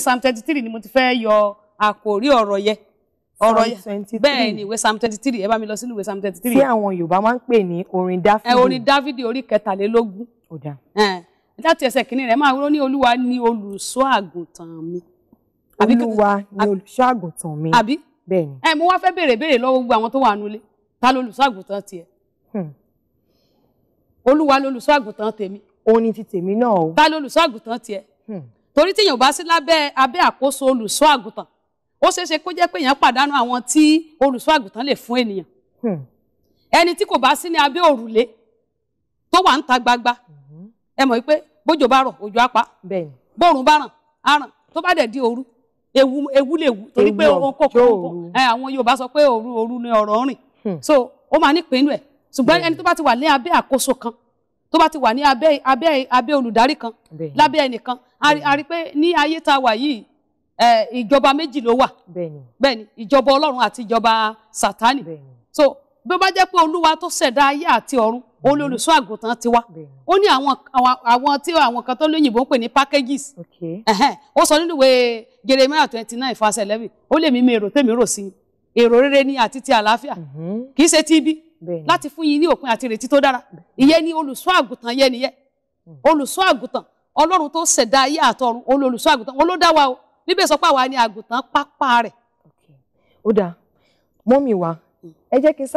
psalm twenty three ni mo ti fẹ́ yọ àkòrí ọ̀rọ̀ yẹ ọ̀rọ̀ yẹ bẹ́ẹ̀ ni ìwé psalm twenty three ẹ bá mi lọ sínú ìwé psalm twenty three. tí àwọn yorùbá máa ń pè ní orin dáfídì. ẹ orin dáfídì orí kẹtàlélógún. ó dà. láti ẹsẹ̀ kìíní rẹ̀ máa wúrọ́ ní olúwa ni olùṣọ́ àgùntàn mi. olúwa ni olùṣọ́ àgùntàn mi. àbí bẹ́ẹ̀ ni. ẹ mo wá fẹ́ béèrè béèrè lọ́wọ́ gbogbo àwọn tó wà nulẹ̀ ta lolùṣọ́ àgùntàn tiẹ̀. Hmm. olúwa lolùṣọ́ àgùntàn tèmi. ó ní ti tèmi náà o. ta lolùṣọ́ àgùntàn tiẹ̀. Hmm torí tí èèyàn bá sí lábẹ́ abẹ́ àkóso olùṣọ́ àgùntàn ó ṣeé ṣe kó jẹ́ pé èèyàn pàdánù àwọn tí olùṣọ́ àgùntàn lè fún ènìyàn hmm. ẹni tí kò bá sí ní abẹ́ òrùlé tó wà ń ta gbagba mm-hmm. ẹ mọ̀ wípé bójò bá rọ̀ òjò á bóòrùn bá ràn á tó bá dẹ̀ di oru. ewu ewu lè wu torí pé òun kò kó àwọn Yorùbá sọ pé òru òru ni ọ̀rọ̀ rìn hmm. so ó máa nípìn inú ẹ̀ ṣùgbọ́n ẹni tó bá ti wà ní abẹ́ àkóso kan tó bá ti wà ní abẹ́ abẹ́ abẹ́ olùdarí kan lábẹ́ ẹnìkan a rí pé ní ayé tá a wà yìí ìjọba méjì ló wà bẹ́ẹ̀ ìjọba ọlọ́run àti ìjọba sátánì so bí ó bá jẹ́ pé olúwa tó ṣẹ̀dá ayé àti ọ̀run òun olùṣọ́ àgùntàn ti wá ó ní àwọn àwọn tí àwọn kan tó lóyìnbó ń pè ní packages ó sọ nínú ìwé Jeremiah twenty nine verse eleven ó lè mímí èrò tèmi rò sí èrò rere ni àti ti àlàáfíà mhm. kì í ṣe ti láti fún yín ní òpin àti ìrètí tó dára ìyẹn ni olùṣọ́ àgùntàn yẹn nìyẹn hmm. olùṣọ́ àgùntàn ọlọ́run tó ṣẹ̀dá ayé àtọ̀run olùṣọ́ àgùntàn wọn ló dá wa o níbẹ̀ sọ pé ni àgùntàn pápá rẹ̀. ó dáa mọ́mì wa hmm. ẹ jẹ́ kí n sá